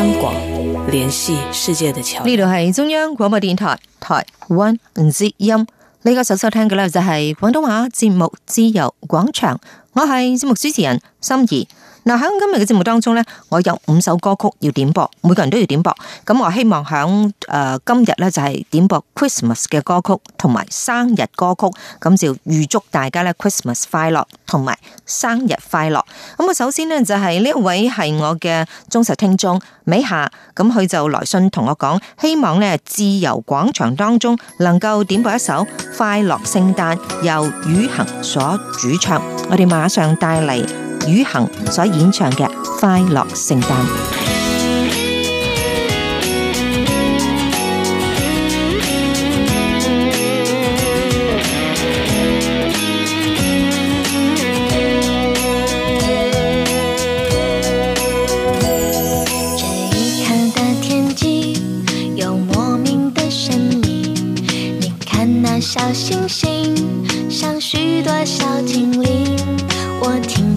香港聯繫世界的橋。呢度係中央廣播電台台灣之音，呢、這個首收聽嘅咧就係廣東話節目《自由廣場》，我係節目主持人心怡。嗱，喺今日嘅節目當中呢，我有五首歌曲要點播，每個人都要點播。咁我希望在、呃、今日呢，就係、是、點播 Christmas 嘅歌曲同埋生日歌曲，咁就預祝大家呢 Christmas 快樂同埋生日快樂。咁首先呢，就呢、是、一位是我嘅忠實聽眾美霞，咁佢就來信同我講，希望呢自由廣場當中能夠點播一首《快樂聖誕》，由宇恒所主唱，我哋馬上帶嚟。宇恆所演唱的《快樂聖誕》。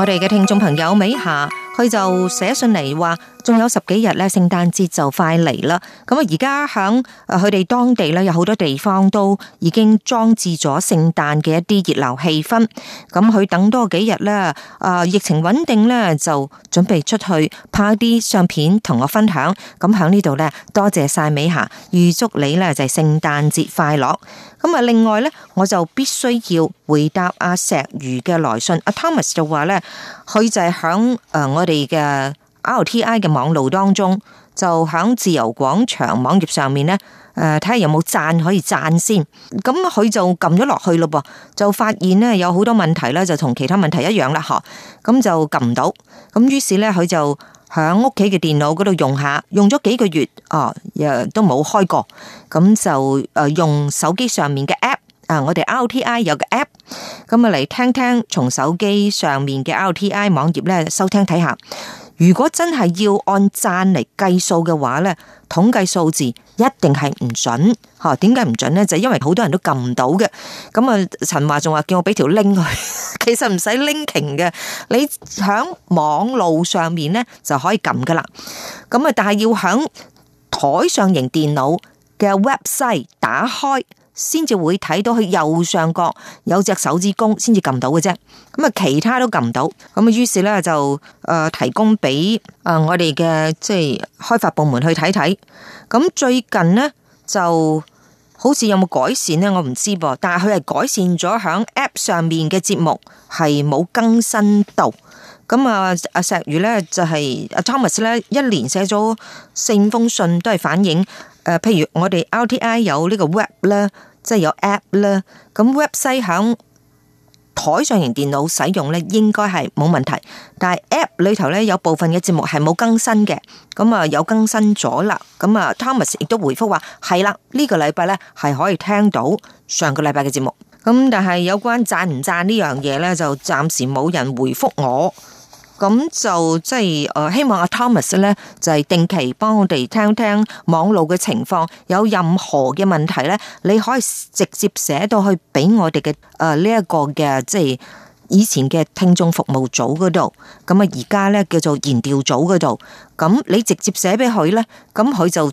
我哋嘅聽眾朋友美霞，佢就寫信嚟話。仲有十幾日咧，聖誕節就快嚟啦。咁啊，而家響誒佢哋當地咧，有好多地方都已經裝置咗聖誕嘅一啲熱鬧氣氛。咁佢等多幾日咧，啊疫情穩定咧，就準備出去拍啲相片同我分享。咁響呢度咧，多謝晒美霞，預祝你咧就係聖誕節快樂。咁啊，另外咧，我就必須要回答阿、啊、石瑜嘅來信。阿、啊、Thomas 就話咧，佢就係響誒我哋嘅。R T I 嘅網路當中就響自由廣場網頁上面呢，誒睇下有冇讚可以讚先，咁佢就撳咗落去咯噃，就發現呢有好多問題呢，就同其他問題一樣啦，吓，咁就撳唔到，咁於是呢，佢就響屋企嘅電腦嗰度用下，用咗幾個月哦，都冇開過，咁就誒用手機上面嘅 app，啊，我哋 R T I 有個 app，咁啊嚟聽聽從手機上面嘅 R T I 網頁呢，收聽睇下。如果真係要按讚嚟計數嘅話呢，統計數字一定係唔準吓。點解唔準呢？就因為好多人都撳唔到嘅。咁啊，陳華仲話叫我俾條 link 佢，其實唔使 link 嘅。你喺網路上面呢就可以撳噶啦。咁啊，但係要喺台上型電腦嘅 website 打開。先至會睇到佢右上角有隻手指公，先至撳到嘅啫。咁啊，其他都撳唔到。咁啊，於是咧就誒提供俾誒我哋嘅即係開發部門去睇睇。咁最近呢，就好似有冇改善呢？我唔知噃。但係佢係改善咗響 App 上面嘅節目係冇更新到。咁啊、就是，阿石宇咧就係阿 Thomas 咧，一連寫咗四五封信都係反映誒，譬如我哋 RTI 有呢個 Web 咧。即係有 app 啦。咁 website 響台上型電腦使用咧，應該係冇問題。但係 app 裏頭咧有部分嘅節目係冇更新嘅，咁啊有更新咗啦。咁啊 Thomas 亦都回覆話係啦，呢個禮拜咧係可以聽到上個禮拜嘅節目。咁但係有關讚唔讚呢樣嘢咧，就暫時冇人回覆我。咁就即係誒，希望阿 Thomas 咧就係定期幫我哋聽聽網絡嘅情況，有任何嘅問題咧，你可以直接寫到去俾我哋嘅，誒呢一個嘅即係以前嘅聽眾服務組嗰度。咁啊，而家咧叫做研調組嗰度。咁你直接寫俾佢咧，咁佢就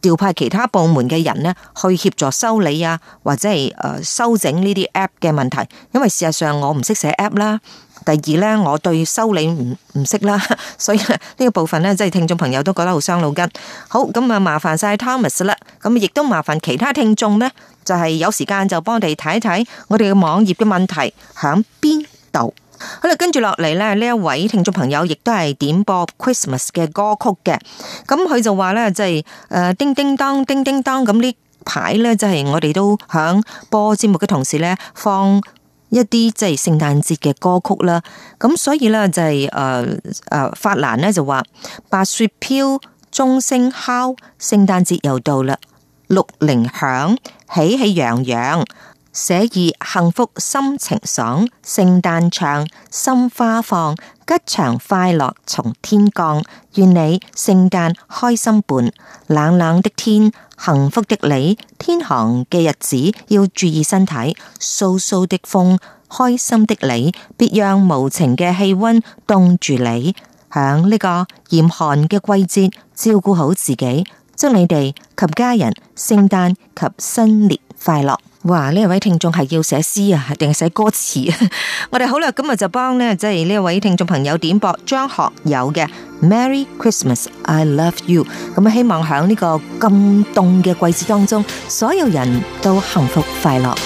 調派其他部門嘅人咧去協助修理啊，或者係誒修整呢啲 App 嘅問題。因為事實上我唔識寫 App 啦。第二咧，我對修理唔唔識啦，所以呢個部分咧，即係聽眾朋友都覺得好傷腦筋。好，咁啊，麻煩晒 Thomas 啦，咁亦都麻煩其他聽眾呢，就係有時間就幫我哋睇一睇我哋嘅網頁嘅問題喺邊度。好啦，跟住落嚟呢，呢一位聽眾朋友亦都係點播 Christmas 嘅歌曲嘅，咁佢就話呢，即係呃叮叮當叮叮當咁呢排呢，即係我哋都響播節目嘅同時呢，放，一啲即係聖誕節嘅歌曲啦，咁所以咧就係誒誒，法蘭咧就話白雪飄，鐘聲敲，聖誕節又到啦，鹿鈴響，喜氣洋洋，寫意幸福，心情爽，聖誕唱，心花放，吉祥快樂從天降，願你聖誕開心伴，冷冷的天。幸福的你，天寒嘅日子要注意身體。嗖嗖的風，開心的你，別讓無情嘅氣溫凍住你。響呢個嚴寒嘅季節，照顧好自己，祝你哋及家人聖誕及新年快樂。哇！呢位聽眾係要寫詩啊，定係寫歌詞啊？ 我哋好啦，今日就幫咧，即係呢位聽眾朋友點播張學友嘅《Merry Christmas I Love You》。咁啊，希望喺呢個咁凍嘅季節當中，所有人都幸福快樂。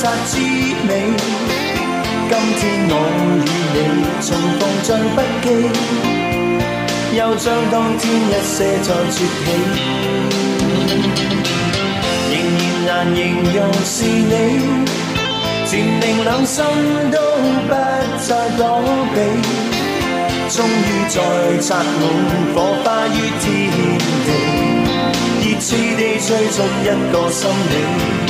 剎那之美，今天我與你重逢像不記，又將當天一些再說起，仍然難形容是你，前明兩心都不再躲避，終於再擦滿火花於天地，熱切地追逐一個心理。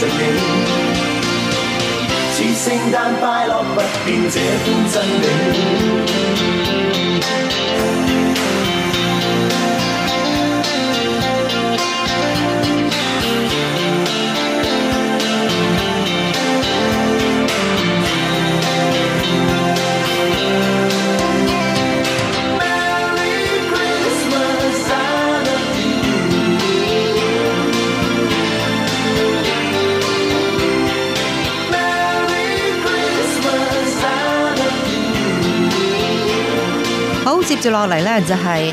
像你，似聖誕快樂，不變這般真理。接落嚟呢就係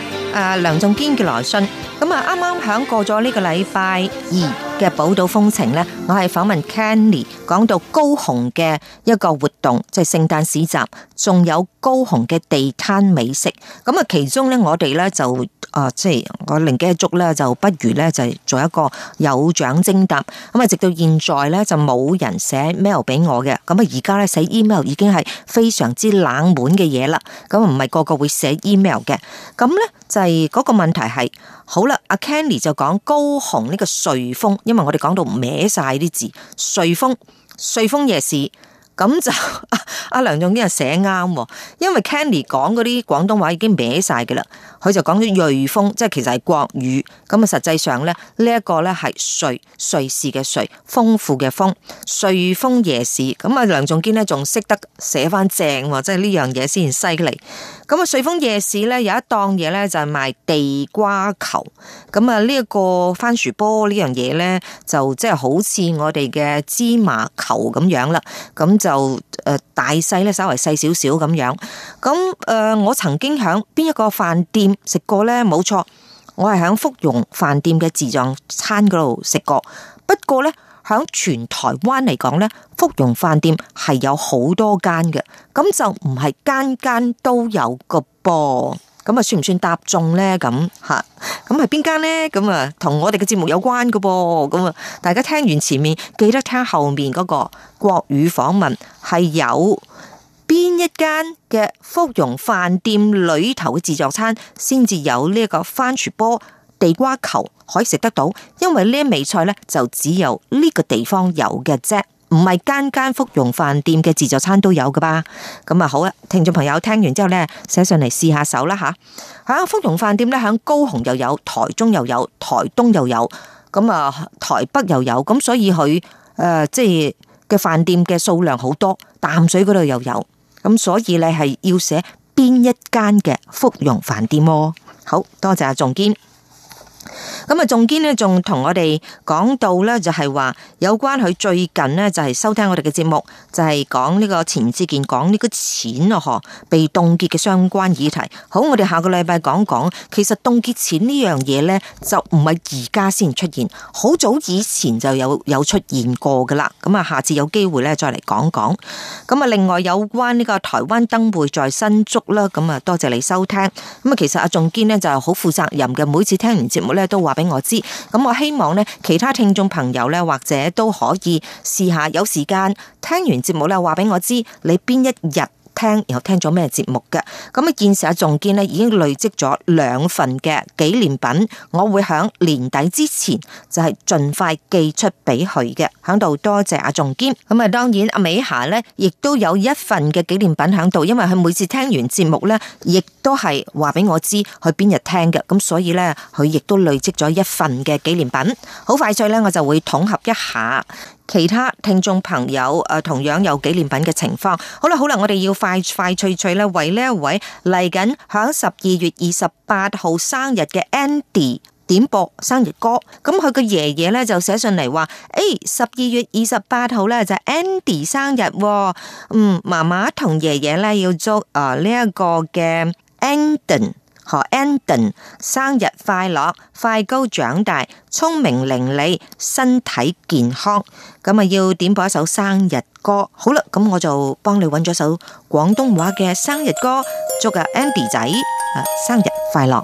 梁仲堅嘅來信，咁啊啱啱響過咗呢個禮拜二嘅寶島風情呢，我係訪問 Kenny，講到高雄嘅一個活動，就係聖誕市集，仲有高雄嘅地攤美食，咁啊其中呢，我哋呢就。啊，即係我靈機一觸咧，就不如咧就做一個有獎徵答。咁啊，直到現在咧就冇人寫 mail 俾我嘅。咁啊，而家咧寫 email 已經係非常之冷門嘅嘢啦。咁唔係個個會寫 email 嘅。咁咧就係、是、嗰個問題係好啦。阿 Kenny 就講高雄呢個瑞豐，因為我哋講到歪晒啲字，瑞豐，瑞豐夜市。咁就阿、啊、阿梁仲堅寫啱，因為 Canny 講嗰啲廣東話已經歪晒嘅啦，佢就講咗瑞豐，即係其實係國語。咁啊，實際上咧呢一個咧係瑞瑞士嘅瑞，豐富嘅豐，瑞豐夜市。咁啊，梁仲堅咧仲識得寫翻正，即係呢樣嘢先犀利。咁啊，瑞豐夜市咧有一檔嘢咧就係、是、賣地瓜球，咁啊呢一個番薯波呢樣嘢咧就即係好似我哋嘅芝麻球咁樣啦，咁就誒大細咧稍微細少少咁樣，咁誒我曾經響邊一個飯店食過咧，冇錯，我係響福榮飯店嘅自助餐嗰度食過，不過咧。喺全台灣嚟講咧，福榮飯店係有好多間嘅，咁就唔係間間都有嘅噃，咁啊算唔算搭中咧？咁吓，咁係邊間咧？咁啊，同我哋嘅節目有關嘅噃，咁啊，大家聽完前面，記得聽後面嗰個國語訪問，係有邊一間嘅福榮飯店裏頭嘅自助餐先至有呢一個番薯波。地瓜球可以食得到，因為呢味菜咧就只有呢個地方有嘅啫，唔係間間福榮飯店嘅自助餐都有㗎吧？咁啊好啦，聽眾朋友聽完之後咧，寫上嚟試下手啦吓。喺福榮飯店咧，喺高雄又有，台中又有，台東又有，咁啊台北又有，咁所以佢誒、呃、即係嘅飯店嘅數量好多，淡水嗰度又有，咁所以你係要寫邊一間嘅福榮飯店，啊？好多謝阿仲堅。咁啊，仲堅呢？仲同我哋講到呢，就係話有關佢最近呢，就係收聽我哋嘅節目，就係講呢個錢志健講呢個錢啊，嗬，被凍結嘅相關議題。好，我哋下個禮拜講講，其實凍結錢呢樣嘢呢，就唔係而家先出現，好早以前就有有出現過噶啦。咁啊，下次有機會呢，再嚟講講。咁啊，另外有關呢個台灣燈會在新竹啦，咁啊，多謝你收聽。咁啊，其實阿仲堅呢，就好負責任嘅，每次聽完節目呢。都話俾我知，咁我希望咧，其他聽眾朋友咧，或者都可以試下，有時間聽完節目咧，話俾我知你邊一日。聽然後聽咗咩節目嘅，咁啊，現時阿仲堅呢已經累積咗兩份嘅紀念品，我會響年底之前就係盡快寄出俾佢嘅，響度多謝阿仲堅。咁啊，當然阿美霞呢亦都有一份嘅紀念品響度，因為佢每次聽完節目呢，亦都係話俾我知去邊日聽嘅，咁所以呢，佢亦都累積咗一份嘅紀念品。好快脆呢，我就會統合一下。其他聽眾朋友、啊，同樣有紀念品嘅情況。好啦，好啦，我哋要快快脆脆為呢一位嚟緊響十二月二十八號生日嘅 Andy 點播生日歌。咁佢個爺爺咧就寫上嚟話，誒、欸，十二月二十八號咧就是，Andy 生日，哦。嗯，嫲嫲同爺爺咧要祝呢一個嘅 Andy 何 Andy 生日快樂，快高長大，聰明伶俐，身體健康。咁啊，要點播一首生日歌？好啦，咁我就幫你揾咗首廣東話嘅生日歌，祝阿 Andy 仔生日快樂。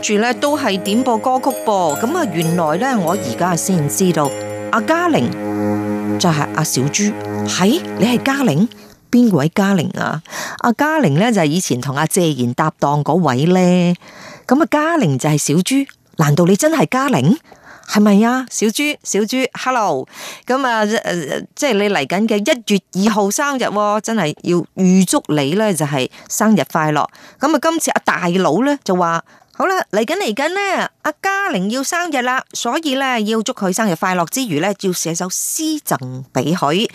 住咧都係點播歌曲噃，咁啊，原來咧我而家先知道阿嘉玲就係阿小豬，係，你係嘉玲？邊位嘉玲啊？阿嘉玲咧就係以前同阿謝賢搭檔嗰位咧，咁啊嘉玲就係小豬，難道你真係嘉玲係咪啊？小豬小豬，hello，咁啊，即係你嚟緊嘅一月二號生日，真係要預祝你咧就係生日快樂。咁啊，今次阿大佬咧就話。好啦，嚟緊嚟緊呢，阿嘉玲要生日啦，所以咧要祝佢生日快樂之餘咧，要寫首詩贈俾佢。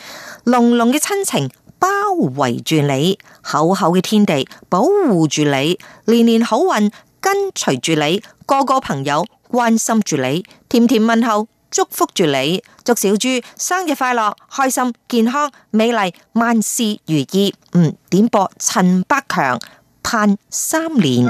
濃濃嘅親情包圍住你，厚厚嘅天地保護住你，年年好運跟隨住你，個個朋友關心住你，甜甜問候祝福住你，祝小豬生日快樂，開心健康，美麗萬事如意。嗯，點播陳百強盼三年。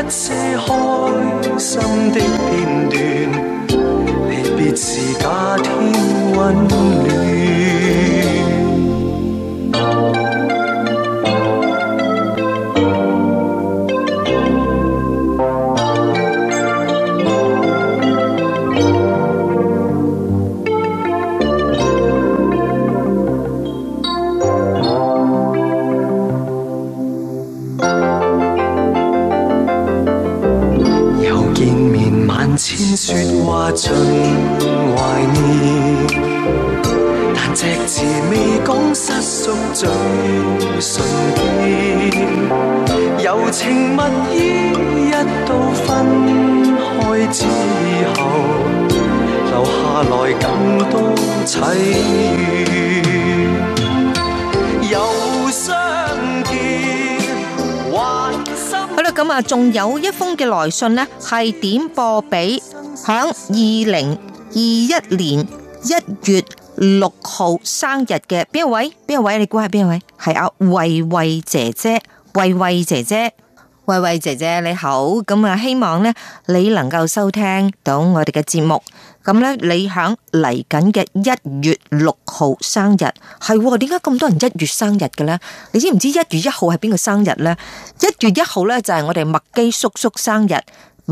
一些開心的片段，離別時加添溫暖。最順便由情蜜意一到分開之後，留下來更多淒怨又相見。好啦，咁啊，仲有一封嘅來信呢，係點播俾響二零二一年一月，六號生日嘅邊一位？邊一位？你估下邊一位？係阿慧慧姐姐，慧慧姐姐，慧慧姐姐，你好。咁啊，希望咧你能夠收聽到我哋嘅節目。咁咧，你響嚟緊嘅一月六號生日，係喎，點解咁多人一月生日嘅咧？你知唔知一月一號係邊個生日咧？一月一號咧就係我哋麥基叔叔生日。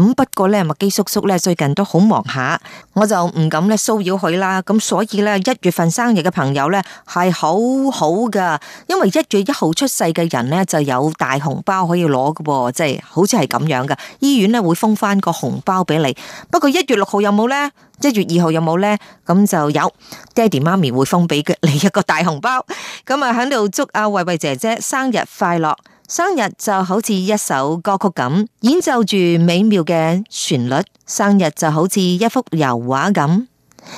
咁不過咧，麥基叔叔咧最近都好忙下，我就唔敢咧騷擾佢啦。咁所以咧，一月份生日嘅朋友咧係好好噶，因為一月一號出世嘅人咧就有大紅包可以攞嘅噃，即係好似係咁樣噶。醫院咧會封翻個紅包俾你。不過一月六號有冇咧？一月二號有冇咧？咁就有爹哋媽咪會封俾你一個大紅包。咁啊喺度祝阿慧慧姐姐生日快樂。生日就好似一首歌曲咁，演奏住美妙嘅旋律；生日就好似一幅油畫咁，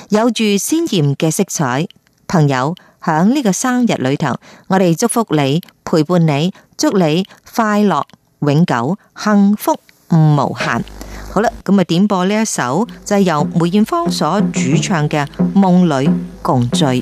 有住鮮艷嘅色彩。朋友，響呢個生日裏頭，我哋祝福你，陪伴你，祝你快樂永久，幸福無限。好啦，咁啊，點播呢一首就係由梅艷芳所主唱嘅《夢裡共醉》。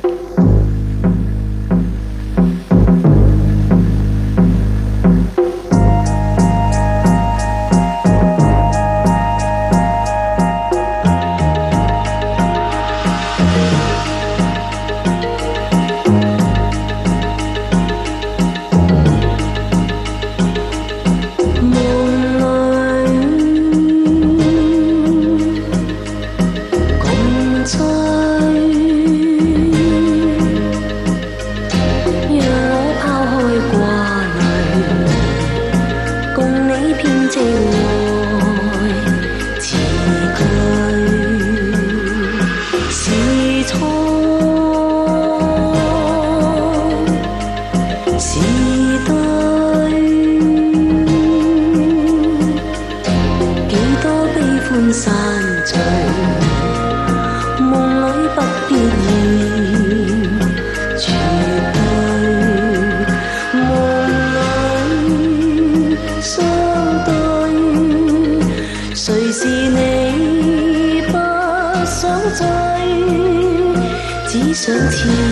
昨天。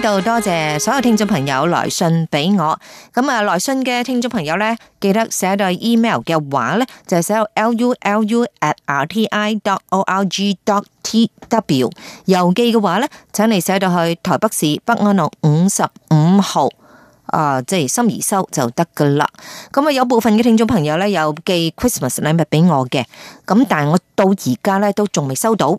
多謝所有聽眾朋友來信俾我，咁啊來信嘅聽眾朋友呢，記得寫到 email 嘅話呢，就係寫到 lulu at rti dot org dot tw 郵寄嘅話呢，請你寫到去台北市北安路五十五號啊，即係心怡收就得噶啦。咁啊，有部分嘅聽眾朋友呢，有寄 Christmas 禮物俾我嘅，咁但係我到而家呢，都仲未收到。